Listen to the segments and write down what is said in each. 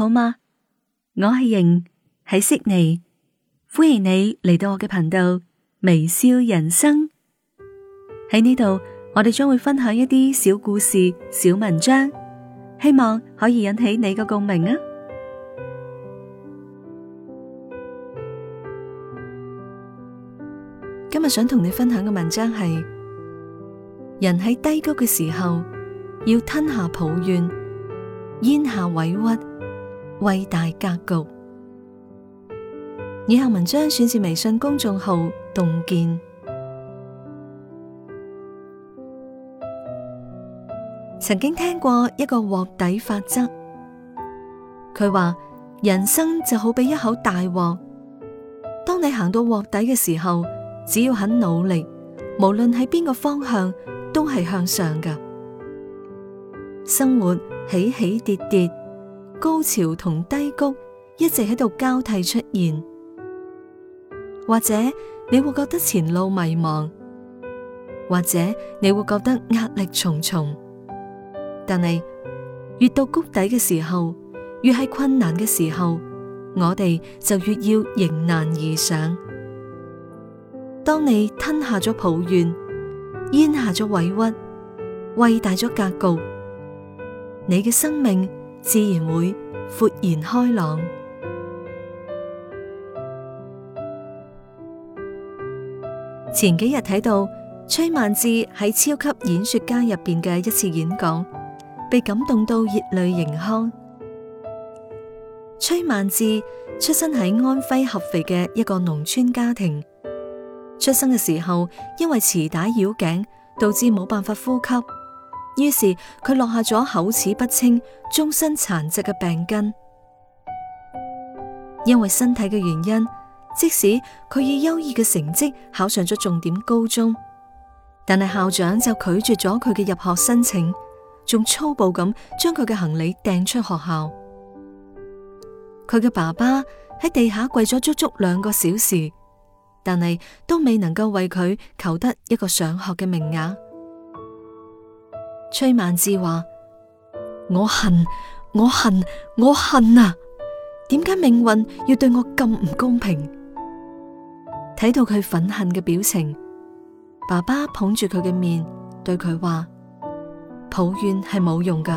好嗎？我係瑩，喺悉尼，歡迎你嚟到我嘅頻道微笑人生。喺呢度，我哋將會分享一啲小故事、小文章，希望可以引起你嘅共鳴啊！今日想同你分享嘅文章係：人喺低谷嘅時候，要吞下抱怨，咽下委屈。偉大格局。以下文章選自微信公眾號洞見。曾經聽過一個鑊底法則，佢話人生就好比一口大鑊，當你行到鑊底嘅時候，只要肯努力，無論喺邊個方向都係向上噶。生活起起跌跌。高潮同低谷一直喺度交替出現，或者你會覺得前路迷茫，或者你會覺得壓力重重。但係越到谷底嘅時候，越係困難嘅時候，我哋就越要迎難而上。當你吞下咗抱怨，咽下咗委屈，餵大咗格局，你嘅生命，自然會豁然開朗。前幾日睇到崔萬志喺超級演說家入邊嘅一次演講，被感動到熱淚盈眶。崔萬志出生喺安徽合肥嘅一個農村家庭，出生嘅時候因為臍帶繞頸，導致冇辦法呼吸。於是佢落下咗口齒不清、終身殘疾嘅病根。因為身體嘅原因，即使佢以優異嘅成績考上咗重點高中，但係校長就拒絕咗佢嘅入學申請，仲粗暴咁將佢嘅行李掟出學校。佢嘅爸爸喺地下跪咗足足兩個小時，但係都未能夠為佢求得一個上學嘅名額。崔萬志話：我恨，我恨，我恨啊！點解命運要對我咁唔公平？睇到佢憤恨嘅表情，爸爸捧住佢嘅面，對佢話：抱怨係冇用噶，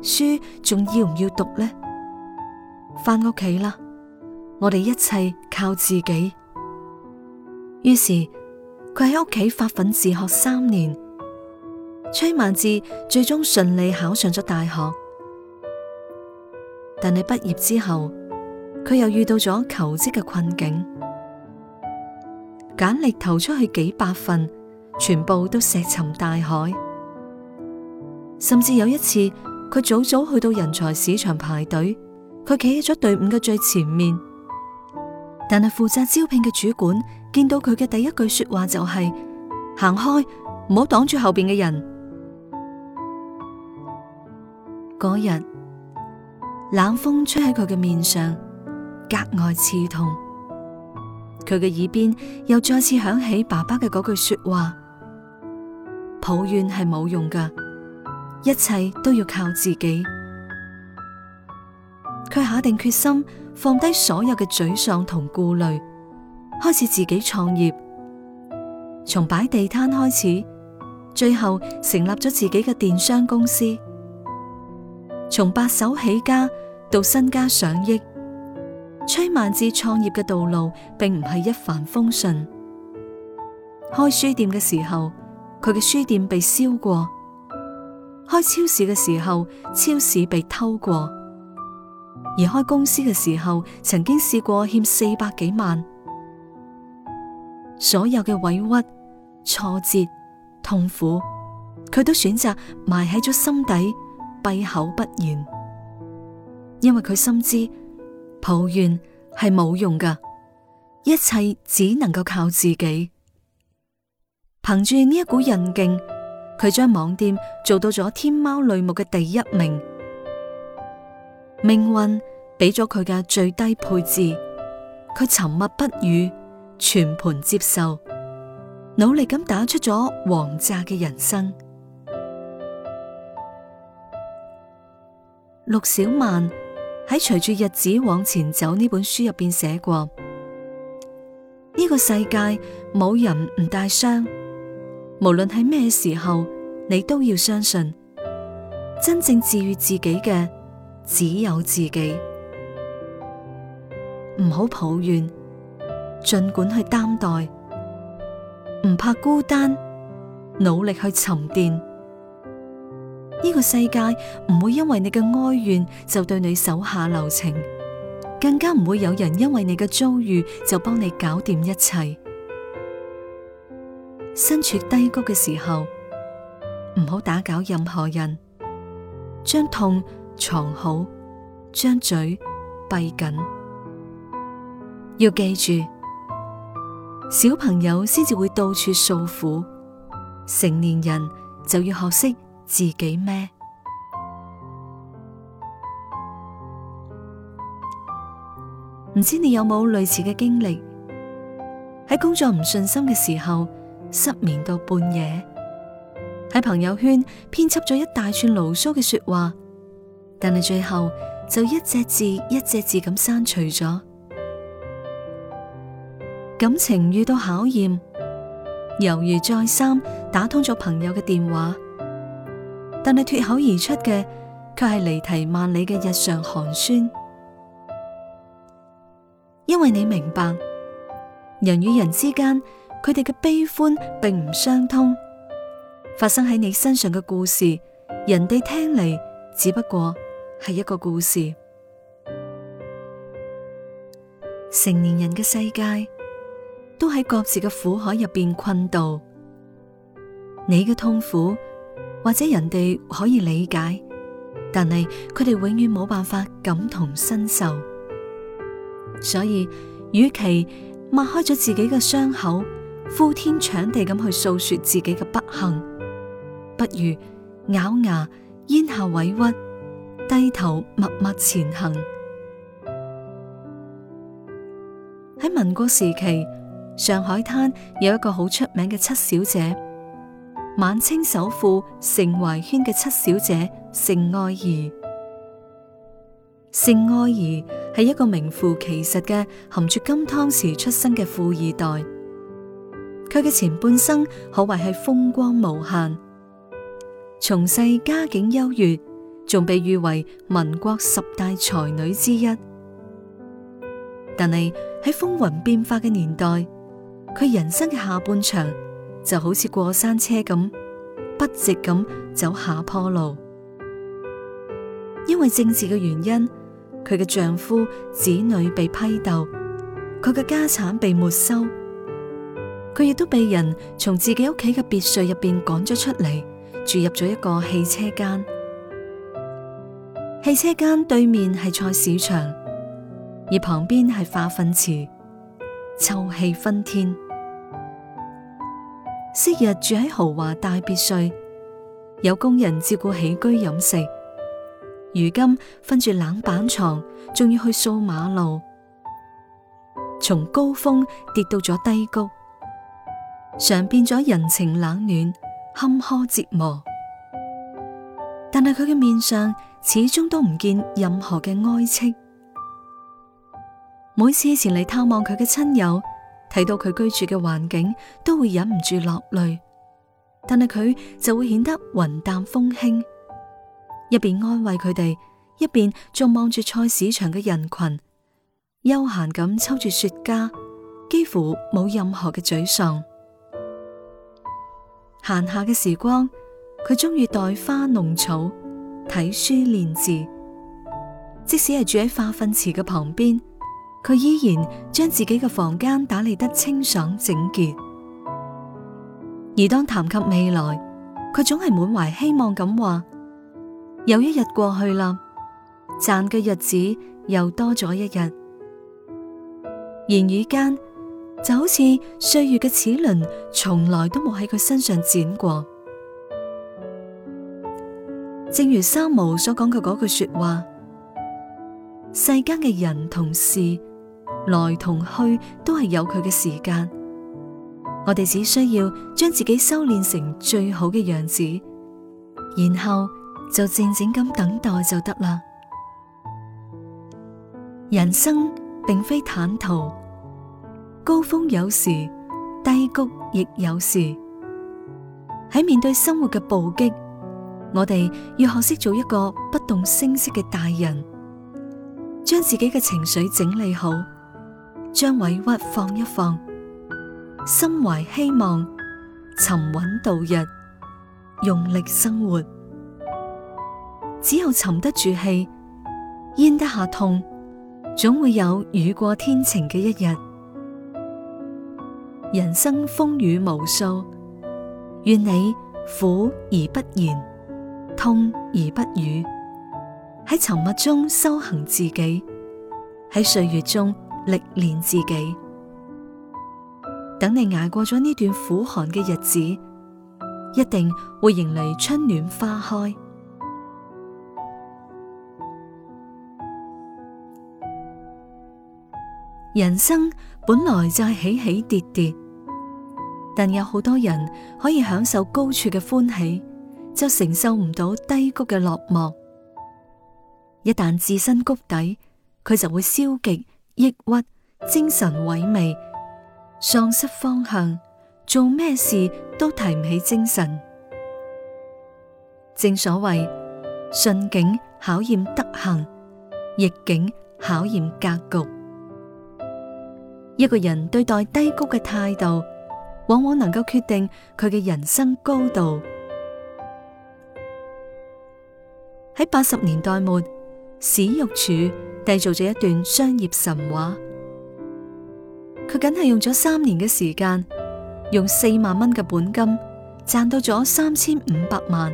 書仲要唔要讀呢？翻屋企啦，我哋一切靠自己。於是佢喺屋企發奮自學三年。崔萬志最終順利考上咗大學，但係畢業之後，佢又遇到咗求職嘅困境。簡歷投出去幾百份，全部都石沉大海。甚至有一次，佢早早去到人才市場排隊，佢企喺咗隊伍嘅最前面，但係負責招聘嘅主管見到佢嘅第一句說話就係：行開，唔好擋住後邊嘅人。嗰日冷風吹喺佢嘅面上，格外刺痛。佢嘅耳邊又再次響起爸爸嘅嗰句說話：抱怨係冇用㗎，一切都要靠自己。佢下定決心，放低所有嘅沮喪同顧慮，開始自己創業，從擺地攤開始，最後成立咗自己嘅電商公司。從白手起家到身家上億，崔萬志創業嘅道路並唔係一帆風順。開書店嘅時候，佢嘅書店被燒過；開超市嘅時候，超市被偷過；而開公司嘅時候，曾經試過欠四百幾萬。所有嘅委屈、挫折、痛苦，佢都選擇埋喺咗心底。閉口不言，因為佢深知抱怨係冇用噶，一切只能夠靠自己。憑住呢一股韌勁，佢將網店做到咗天貓類目嘅第一名。命運俾咗佢嘅最低配置，佢沉默不語，全盤接受，努力咁打出咗王炸嘅人生。陸小曼喺《隨住日子往前走》呢本書入邊寫過：呢個世界冇人唔帶傷，無論係咩時候，你都要相信，真正治愈自己嘅，只有自己。唔好抱怨，盡管去擔待，唔怕孤單，努力去沉澱。呢個世界唔會因為你嘅哀怨就對你手下留情，更加唔會有人因為你嘅遭遇就幫你搞掂一切。身處低谷嘅時候，唔好打攪任何人，將痛藏好，將嘴閉緊。要記住，小朋友先至會到處訴苦，成年人就要學識。自己咩？唔知你有冇類似嘅經歷？喺工作唔順心嘅時候，失眠到半夜，喺朋友圈編輯咗一大串牢騷嘅說話，但係最後就一隻字一隻字咁刪除咗。感情遇到考驗，猶豫再三，打通咗朋友嘅電話。但係脱口而出嘅，卻係離題萬里嘅日常寒暄。因為你明白，人與人之間，佢哋嘅悲歡並唔相通。發生喺你身上嘅故事，人哋聽嚟只不過係一個故事。成年人嘅世界，都喺各自嘅苦海入邊困度。你嘅痛苦。或者人哋可以理解，但係佢哋永遠冇辦法感同身受，所以與其抹開咗自己嘅傷口，呼天搶地咁去訴說自己嘅不幸，不如咬牙嚥下委屈，低頭默默前行。喺民國時期，上海灘有一個好出名嘅七小姐。晚清首富盛宣懷嘅七小姐盛愛頤，盛愛頤係一個名副其實嘅含住金湯匙出身嘅富二代。佢嘅前半生可謂係風光無限，從細家境優越，仲被譽為民國十大才女之一。但係喺風雲變化嘅年代，佢人生嘅下半場。就好似過山車咁，不直咁走下坡路。因為政治嘅原因，佢嘅丈夫、子女被批鬥，佢嘅家產被沒收，佢亦都被人從自己屋企嘅別墅入邊趕咗出嚟，住入咗一個汽車間。汽車間對面係菜市場，而旁邊係化糞池，臭氣熏天。昔日住喺豪華大別墅，有工人照顧起居飲食。如今瞓住冷板牀，仲要去掃馬路，從高峰跌到咗低谷，嘗遍咗人情冷暖、坎坷折磨。但係佢嘅面上始終都唔見任何嘅哀戚。每次前嚟探望佢嘅親友，睇到佢居住嘅環境，都會忍唔住落淚，但係佢就會顯得雲淡風輕，一邊安慰佢哋，一邊仲望住菜市場嘅人群，悠閒咁抽住雪茄，幾乎冇任何嘅沮喪。閒下嘅時光，佢中意蒔花弄草、睇書練字，即使係住喺化糞池嘅旁邊。佢依然將自己嘅房間打理得清爽整潔，而當談及未來，佢總係滿懷希望咁話：有一日過去啦，賺嘅日子又多咗一日。言語間就好似歲月嘅齒輪，從來都冇喺佢身上剪過。正如三毛所講嘅嗰句說話：世間嘅人同事。來同去都係有佢嘅時間，我哋只需要將自己修煉成最好嘅樣子，然後就漸漸咁等待就得啦。人生並非坦途，高峰有時，低谷亦有時。喺面對生活嘅暴擊，我哋要學識做一個不動聲色嘅大人，將自己嘅情緒整理好。將委屈放一放，心懷希望，沉穩度日，用力生活。只有沉得住氣，咽得下痛，總會有雨過天晴嘅一日。人生風雨無數，願你苦而不言，痛而不語，喺沉默中修行自己，喺歲月中。歷練自己，等你挨過咗呢段苦寒嘅日子，一定會迎嚟春暖花開。人生本來就係起起跌跌，但有好多人可以享受高處嘅歡喜，就承受唔到低谷嘅落寞。一旦置身谷底，佢就會消極。抑鬱、精神萎靡、喪失方向，做咩事都提唔起精神。正所謂，順境考驗德行，逆境考驗格局。一個人對待低谷嘅態度，往往能夠決定佢嘅人生高度。喺八十年代末，史玉柱締造咗一段商業神話，佢僅係用咗三年嘅時間，用四萬蚊嘅本金賺到咗三千五百萬，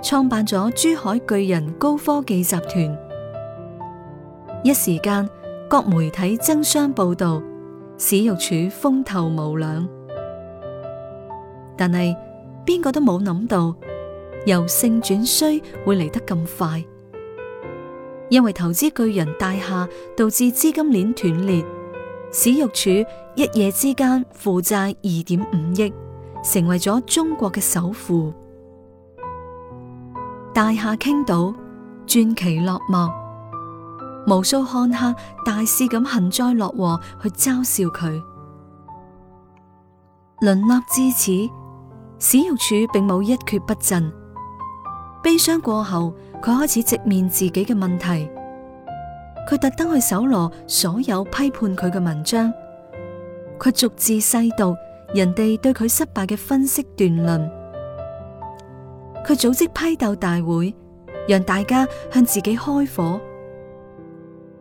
創辦咗珠海巨人高科技集團。一時間，各媒體爭相報道，史玉柱風頭無兩，但係邊個都冇諗到由盛轉衰會嚟得咁快。因為投資巨人大廈導致資金鏈斷裂，史玉柱一夜之間負債二點五億，成為咗中國嘅首富。大廈傾倒，傳奇落幕，無數看客大肆咁幸災樂禍去嘲笑佢。淪落至此，史玉柱並冇一蹶不振，悲傷過後。佢開始直面自己嘅問題，佢特登去搜羅所有批判佢嘅文章，佢逐字細讀人哋對佢失敗嘅分析斷論，佢組織批鬥大會，讓大家向自己開火，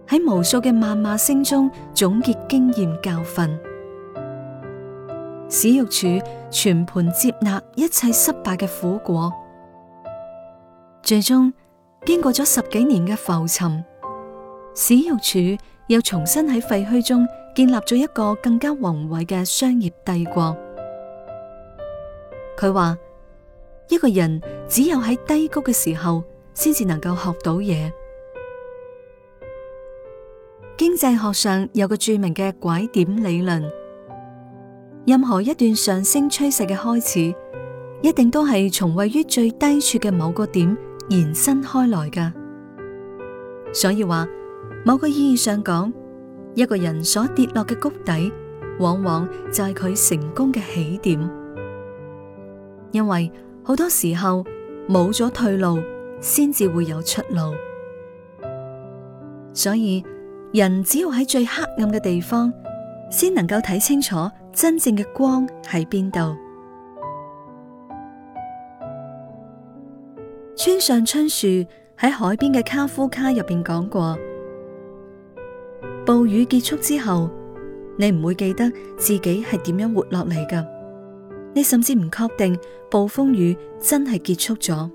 喺無數嘅謾罵聲中總結經驗教訓，史玉柱全盤接納一切失敗嘅苦果，最終。經過咗十幾年嘅浮沉，史玉柱又重新喺廢墟中建立咗一個更加宏偉嘅商業帝國。佢話：一個人只有喺低谷嘅時候，先至能夠學到嘢。經濟學上有個著名嘅拐點理論，任何一段上升趨勢嘅開始，一定都係從位於最低處嘅某個點。延伸開來嘅，所以話，某個意義上講，一個人所跌落嘅谷底，往往就係佢成功嘅起點，因為好多時候冇咗退路，先至會有出路。所以，人只有喺最黑暗嘅地方，先能夠睇清楚真正嘅光喺邊度。村上春樹,在海邊的卡夫卡裏面講過:暴雨結束之後,你不會記得自己是怎樣活下來的。你甚至不確定暴風雨真的結束了。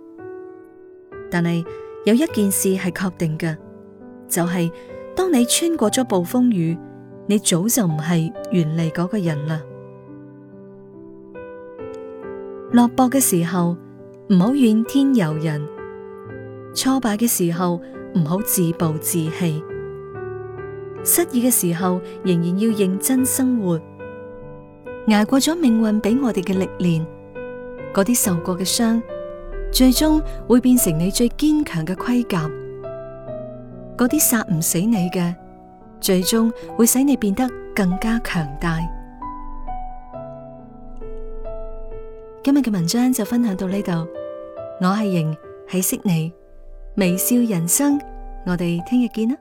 但是,有一件事是確定的:就是,當你穿過了暴風雨,你早就不是原來那個人了。落雹的時候,唔好怨天尤人，挫敗嘅時候唔好自暴自棄，失意嘅時候仍然要認真生活。捱過咗命運俾我哋嘅歷練，嗰啲受過嘅傷，最終會變成你最堅強嘅盔甲。嗰啲殺唔死你嘅，最終會使你變得更加強大。今日嘅文章就分享到呢度，我係瑩，喺悉尼微笑人生，我哋聽日見啦。